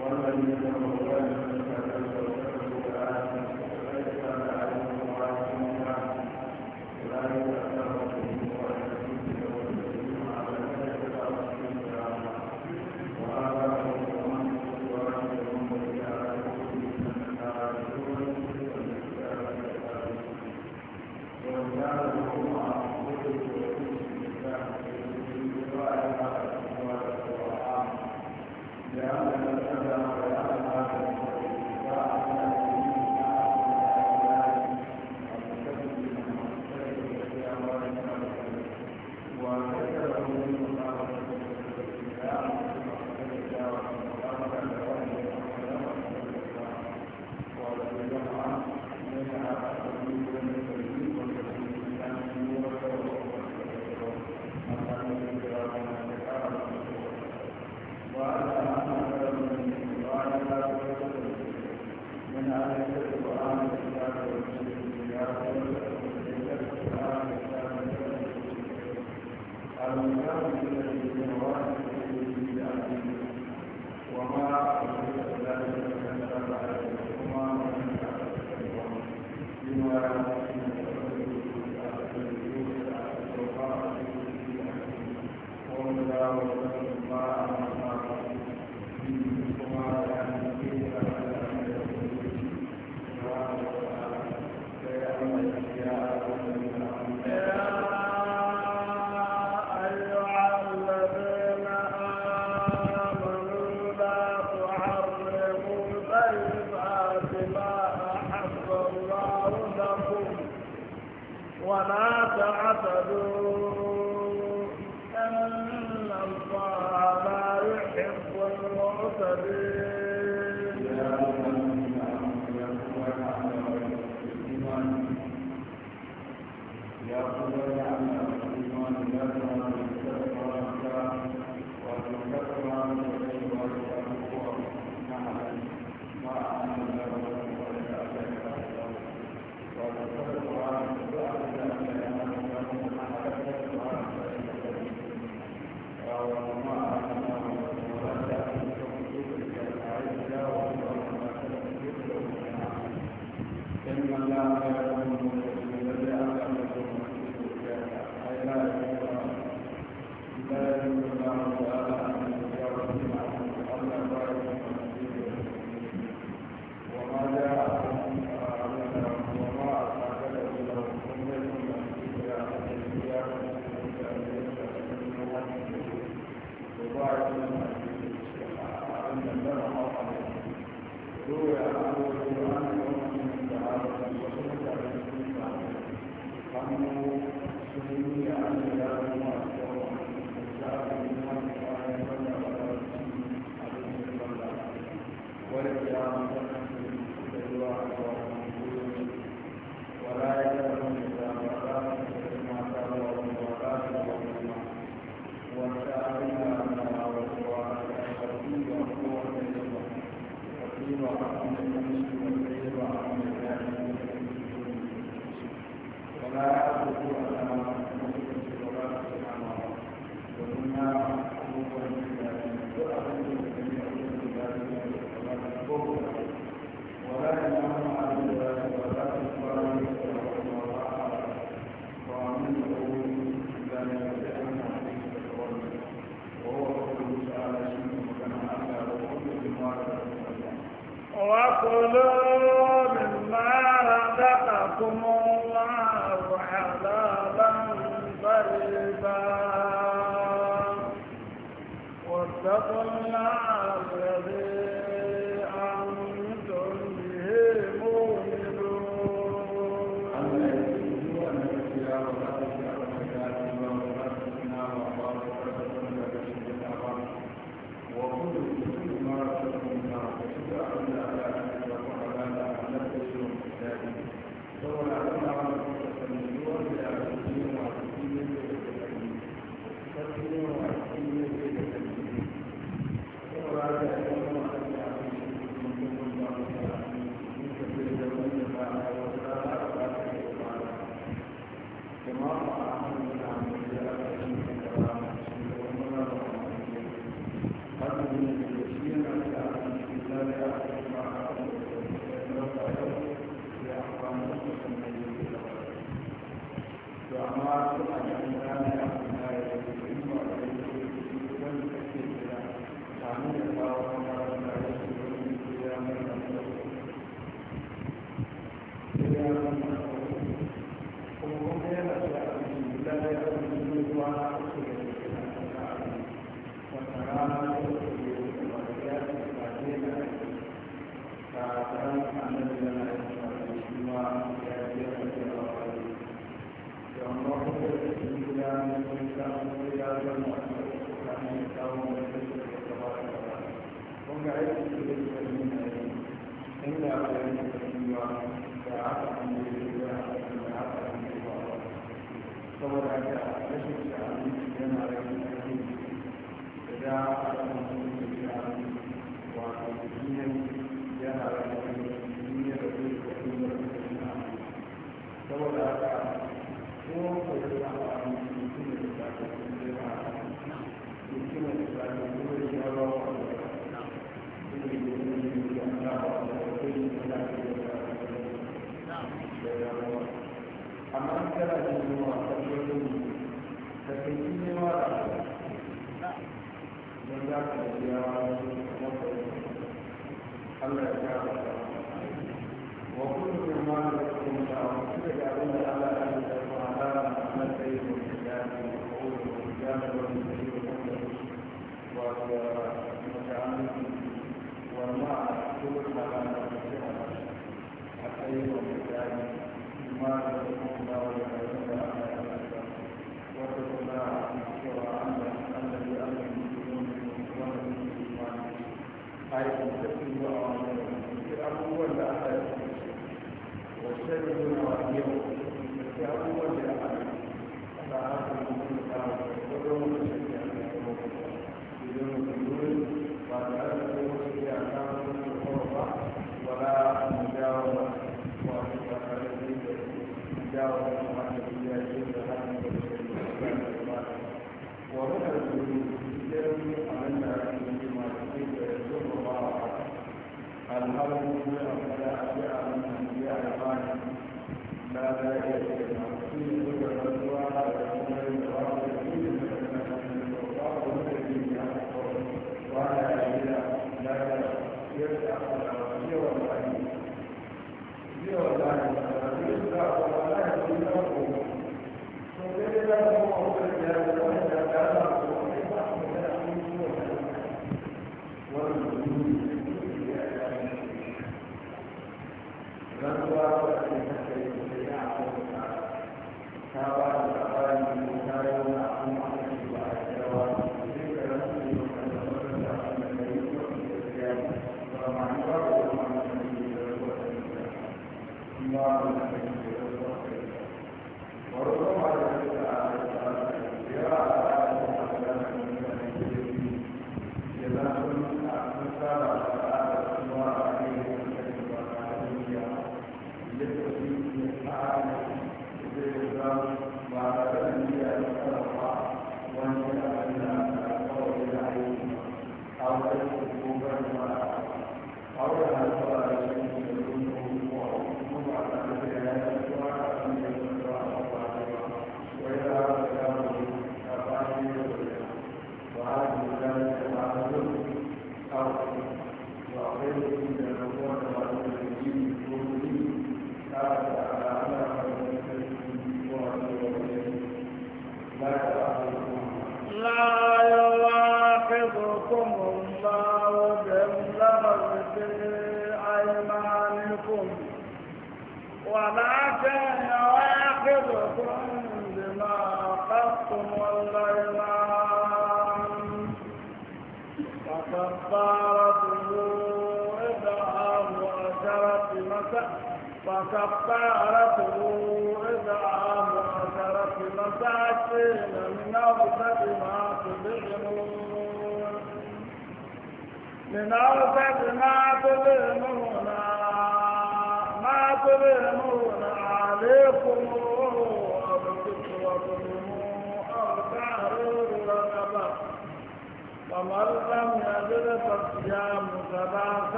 ومن يتولى Thank you.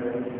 Amen.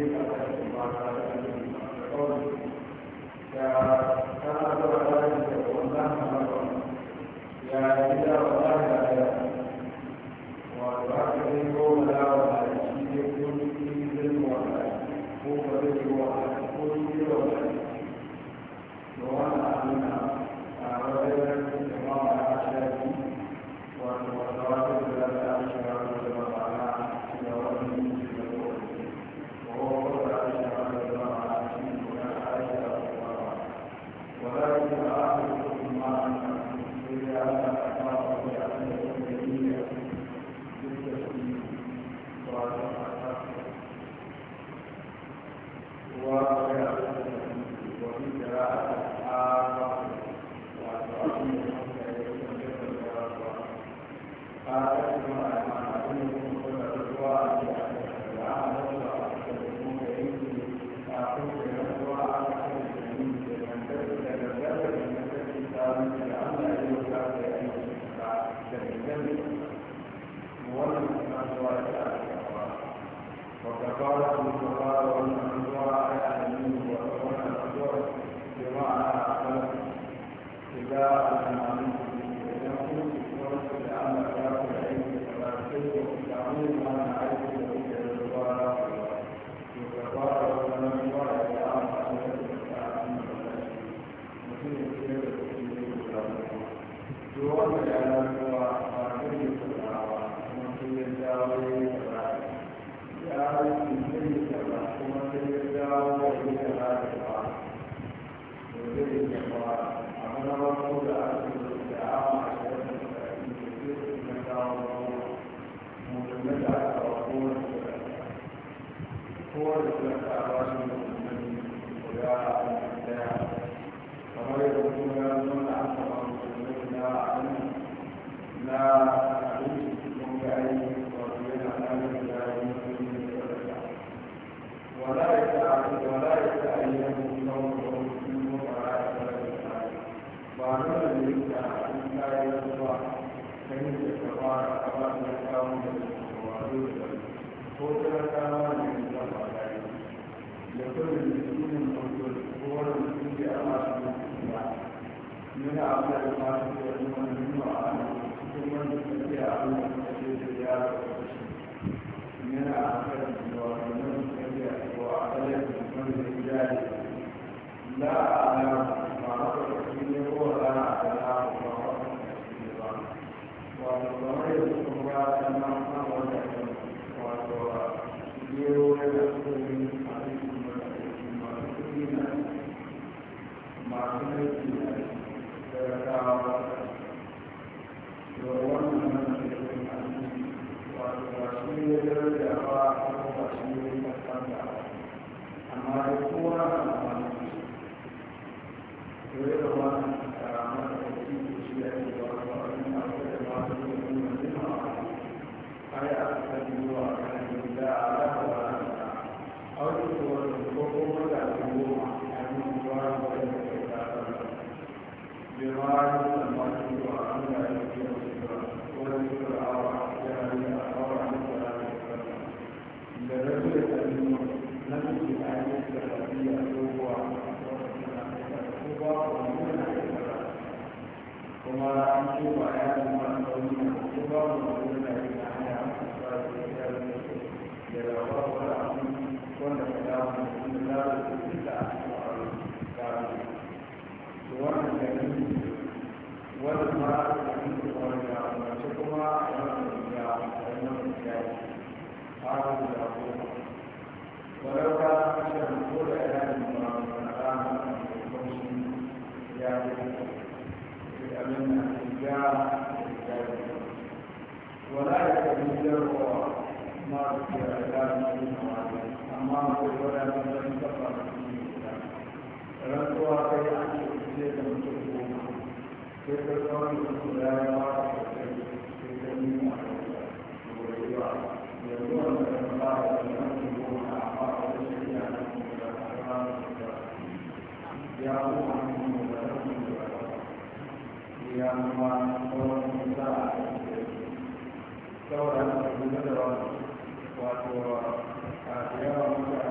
Obrigado, sauran da wato a yawan mutane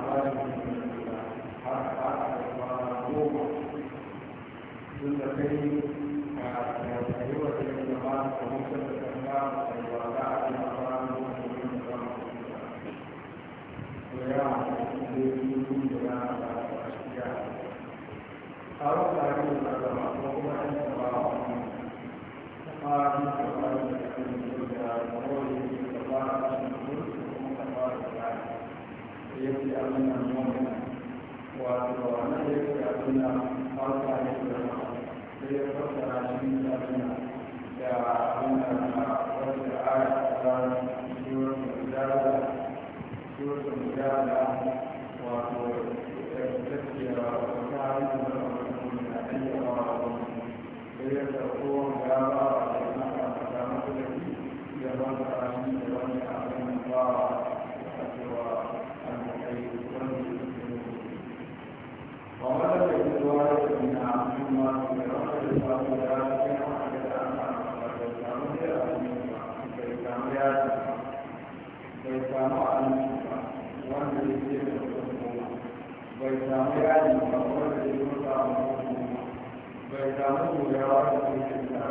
Thank you. Gracias. da ke da kuma bai da ce ce da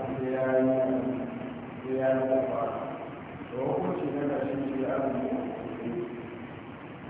yi ce ya yi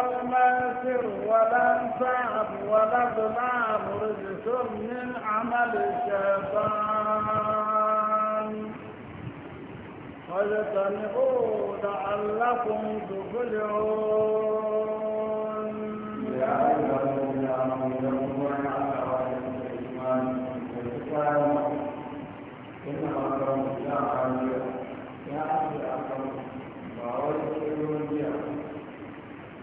الماسر ولا الفعل ولا ابن عمرو من عمل الشيطان واجتنبوا لعلكم تفلحون يا أيها الذين آمنوا إنما أكرمكم الله عليه يا أخي أكرمكم وأرسلوا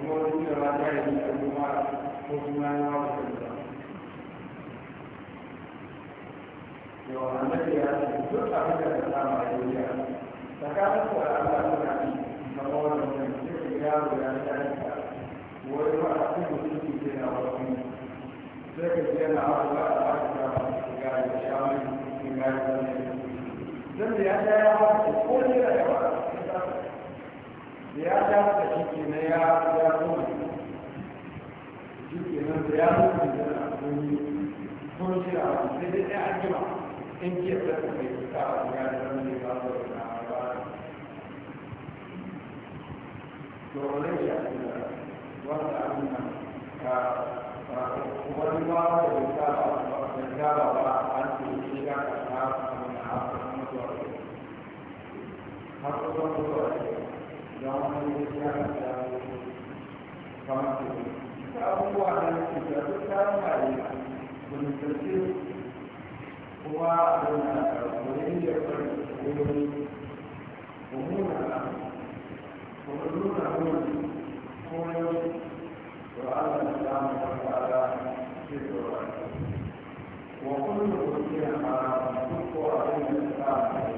da a kuma ko kuma ta da ka samu a duniya tsakanin ku da yi ka ma a a zan da ya ta yi ko ne da yawa da ya ja da shi ke na ya ya kuma shi ke nan da ya mutu da na kuma shi na wani da dai ɗaya an in ke tsaka mai kuka a ga da wani ne ba da na ba da wani ya ce da wanda ba nan ka wani ba da kuka da gara ba an ce shi ga da ta mutuwa har da mutuwa 要我们加强监督，防止贪官污吏的伤害。我们决心，不管任何时候，不因任何原因，我们共产党人永远不向黑暗低头。我们有坚强不屈的意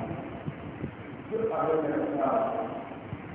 志，不怕任何困难。这堂课结束了。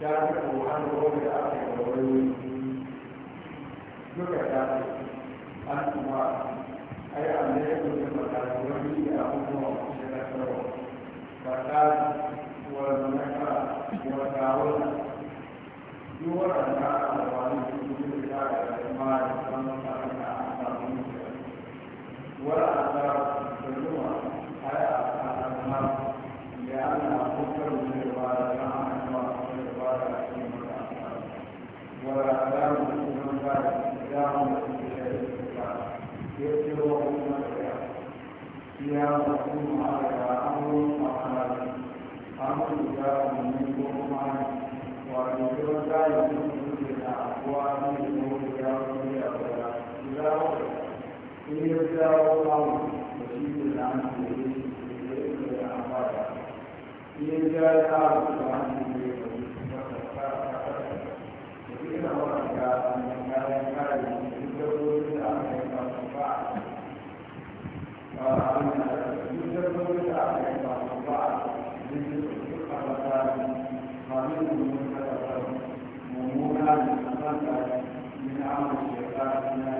ya fi da wani da aka yi duka ta fi in ya jawo awon da shi ne da an ce ne da ya yi da an fara in ya jawo awon da an ce ne da ya yi da an fara da shi ne wani ga an yi kayan kayan da ya jawo da an yi kasu ba a an yi da ya jawo da an yi kasu ba da shi ne da ya fara da mamin da mun kada ba mummuna da kasanta ne na amince da kasanta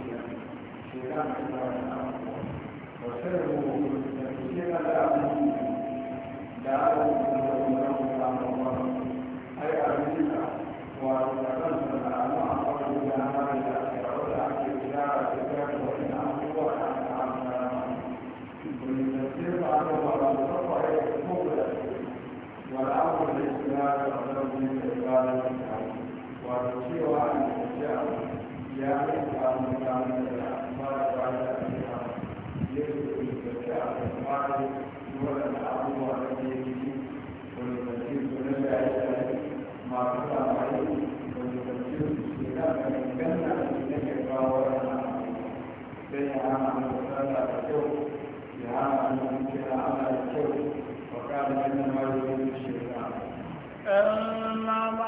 في نحن وسره تفسير الأمين لعله الله سبحانه وتعالى أي أمين وتكلم عن أقوال الأعمال الأخيرة في إدارة الكتاب وإن أمره عن أعمال ومن تفسير عنه ولا تطلع مقبلة والأمر الإسلام يقدم من إدارة الكتاب وتشير عن الأشياء يعني أمر كامل إنما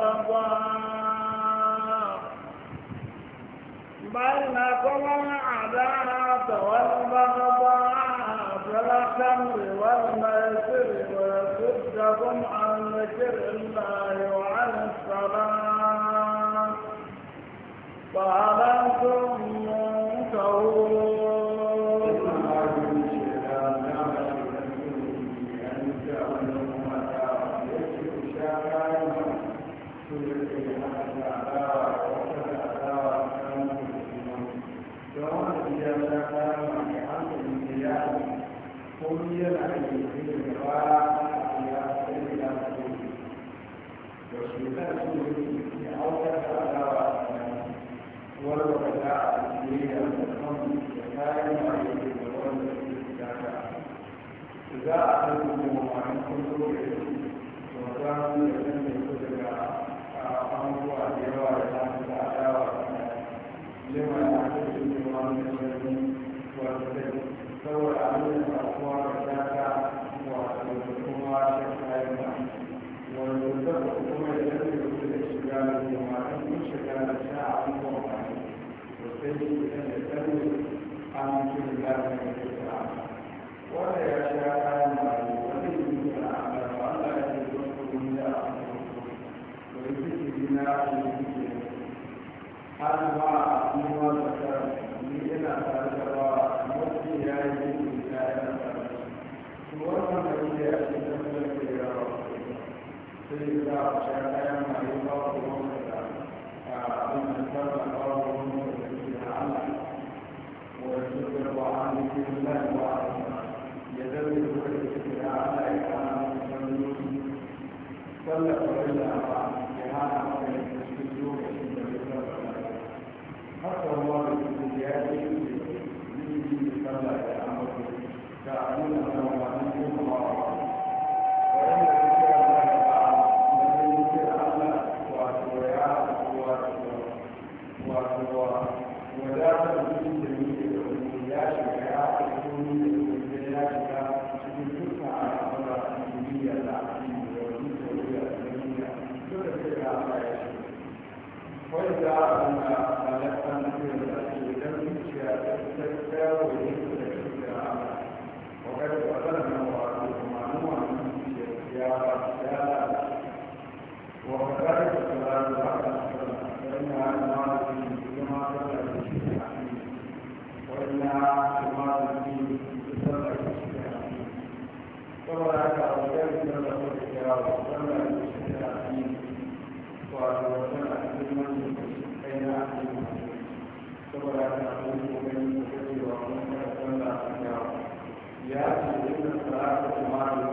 بغضاء بل نقل العداوة والبغضاء في الخمر والميسر ويصدكم عن ذكر الله وعن الصلاة فعلمتم ta kama mai hankali da ko da da a ya sai da ta su ne da a wani a cikin da da ta za a kan kuma mamarin kun yi daga abubuwa da saboda abin da kuma da ta wato wanda da shiga da kuma ta kuma shiga da shi ya da da ba sallar farilla ba ya hana maka yin cikin lokacin da ya da ya da Thank you. ومن كان يا سيدنا الصلاه والسلام على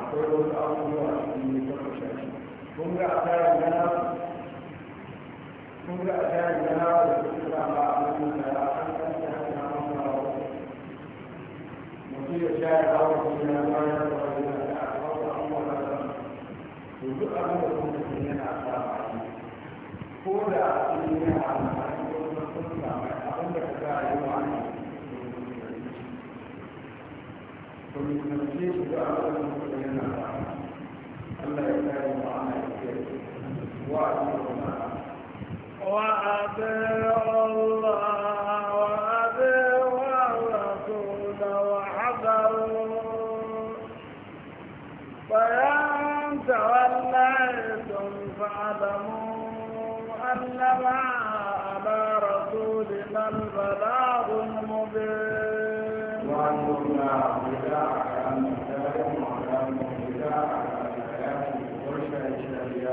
akwai wasu abubuwa a cikin ne ta shi kun ga a kun ga a da gana da ba a cikin tara a kan kan ta hanyar hamsa wa mutum ya shayar hawa ko ya bayar da wani na da aka wasu abubuwa na da to duk abin da kuma ke yana sa a yi ko da a cikin yana a cikin wasu sun samu abin da ka ga a yi wa ومن مسجد دعاء الله يكرم معنا وأعطي الله وأطيع توليتم فاعلموا أنما على رسولنا البلاغ المبين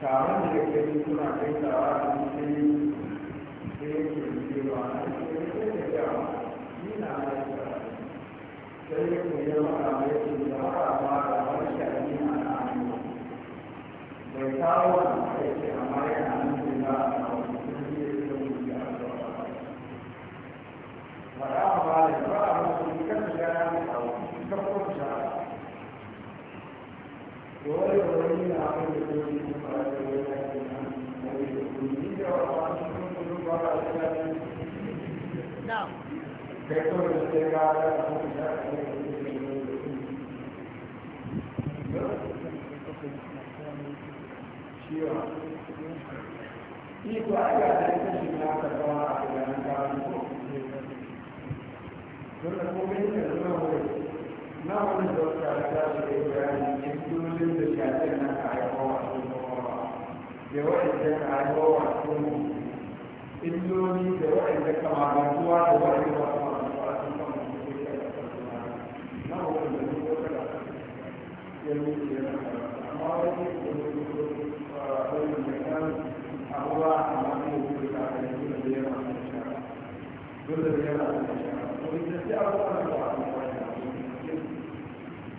taron da ke yi suna kai tawa da musulmi sai yake yi ba a cikin sai da yawa ni na haifa sai ya koyi maka mai da da wata ba da wani shaɗi na al'adu bai kawo wani aiki amma yana nufin ba a kawo musulmi ya yi musulmi a kawo ba da ba a musulmi kan shiga na kawo kan kuma shiga Now. ఈ ద్వారా శిక్షణ 那我们就想一下这个自然的情绪，就是现在那个爱国啊，中国啊，因为以前爱国啊，中国，印度尼西亚现在干嘛？印度啊，中国啊，中国啊，中国啊，中国啊，那我们就说这个，印度尼西亚，然后就说呃，就是你看，阿布拉，阿布拉，就是这样，就是这样，就是这样，就是这样，我们就讲这个话题。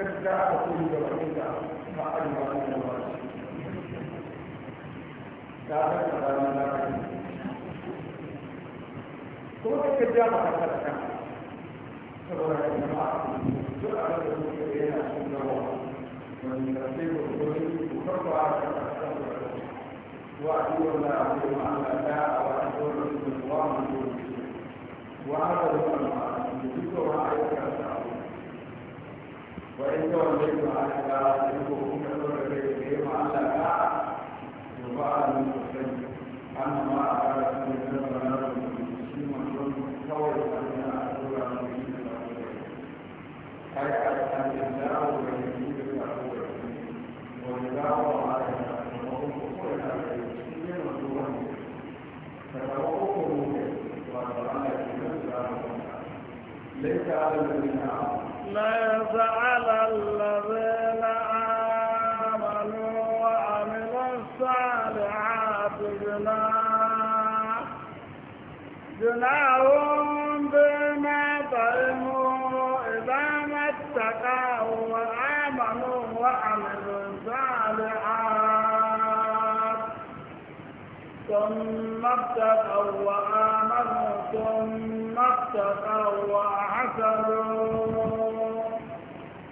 gaskiya aka koyi da wani da ba a yi wani da ba ta haka da ranar da aka yi kuma kake ja ba ka tsarka saboda ya zama a duk a da yi da yana sun gawa wani da sai ba su kuka ba a kan tsarkan da wa a yi wanda a kai ma ga? ta a wa a yi da su ne wa mu yi wa a da wani da a yi kan wajen yau da yau a aka yi kofin da zuwa da ma Allah ka ba a nan sosai an ma a kara sun da zama na ma don kawai da da zama a yi da zai zama da wani ma da zai zama da zai zama da zai shi ne ma zuwa ne ka zama kofin da da zai da zai zama da zai da zai da zai zama da zai zama da zai zama da zai zama da zai zama da zai zama da zai zama da zai zama da da zai zama da zai zama da zai zama da zai zama da zai zama da zai zama da zai zama da zai ما فعل الذين آمنوا وعملوا الصالحات جناح جناح بما طعموا إذا ما اتقوا وآمنوا وعملوا الصالحات ثم اتقوا وآمنوا ثم اتقوا وأحسنوا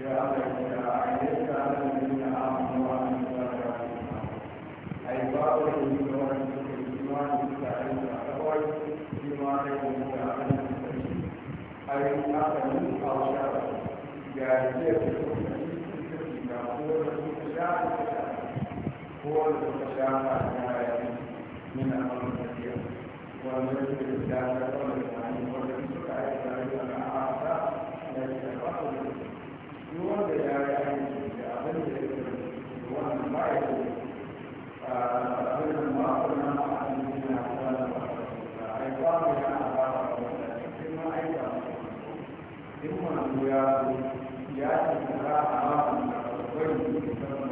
Yeah. هو المتشابه من الأمر الكثير والمجد الإسلام يقول الإسلام والذي سكعت عليه مع عرفة الذي تفعل يوم بجارة عن أبن وأن ما يقول أبن ما أقولنا مع أبننا وأن أيضاً بجاء أبارة ثم أيضاً ثم أبو ياسم ياسم ترى أمامنا وغيره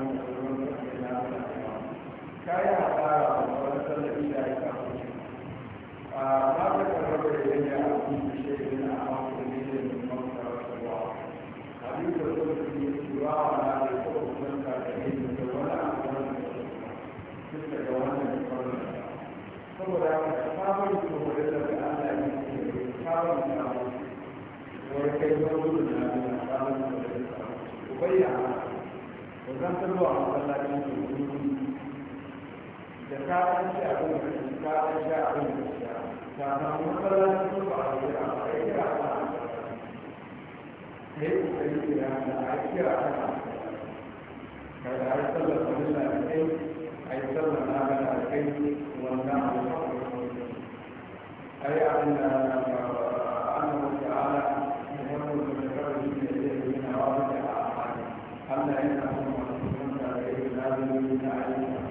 kayan asara a wani tallafi da ya kama shi a mata karbar da ya yi a shi da na amfani da ya yi mafita a duk da kuma su yi cewa a na da kuma ka da ya yi ta wani amfani da su duk da ga wannan kwanan saboda haka sabon kuma da ta ga Allah ya yi da sabon da wani kai da wani da na da sabon da ya yi ubayya ba zan tarwa a masallacin da wani da ka an ci abin da shi ka an sha da shi ka samu matsalar su ba a yi a kai da a kai da yi na a kira a kai da a yi sallar sallar da kai a yi sallar na da a kai wanda a yi abin da na da an wuce ala da yawon da ya kawai shi ne zai yi na da a Allah yana son masu sun da ya yi lalata da yi.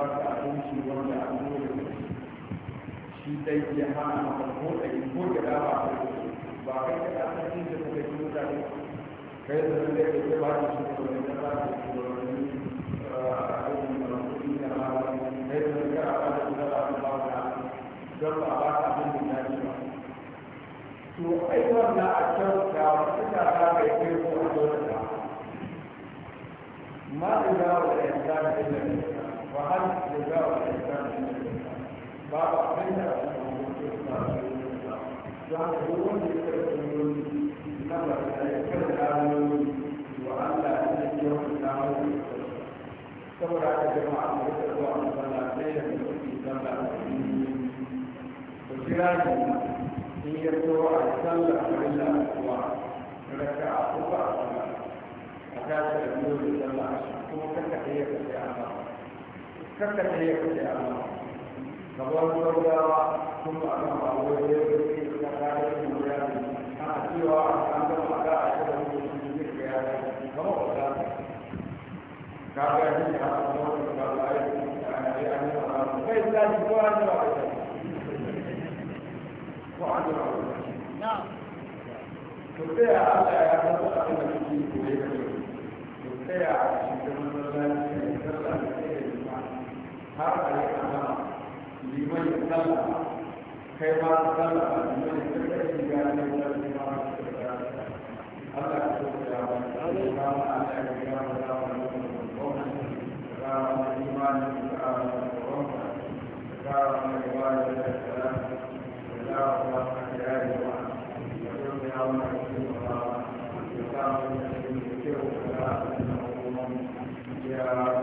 ba ka abinci wanda a dole shi dai ya hana maka ko da in ko da ba ka ba kai ka da san cin da kake yi da ne kai da nan da kake ba ka shi da wani da ba ka shi da wani aikin da kuɗi da ba ka kai da nan ka ba da da ba ka ba ka don ba ba ka abin da ya ba to ai wannan a can ka kuka ka kai ko a dole ka ما إذا الإنسان إلا فهل جزاء الإحسان إلا الإحسان؟ بعض أحسنها يعني هو يتكلم نظر يتكلم وأن لا يتكلم الإسلام تصور على جماعة يتكلم عن صلاة ليلة في صلاة وكذلك إن يتكلم عن صلاة إلا وركع أربع صلاة أتاك الأمور صلاة وكتحية في أعمال kakka ta yi kace Allah ba gaugawa sun ba kan ba wai ya yi ka kare shi mu ya ni ana cewa an ga maka a cikin mutum ne ka ya ni kamar ba ka ka ga shi ka ba ka ba ba ai ai an yi ba kai da shi ko an ba ka ko an ba na to sai Allah ya san abin da kike koyi to sai a cikin wannan lafiya sallallahu har a yi azama liman ya kai ma ka sallama liman ya yi ya ma ka karka Allah ka ma ya ma za mu yi wani gwamna ka ma imani ka ma gwamna ma ya yi yi ma ya yi ma ya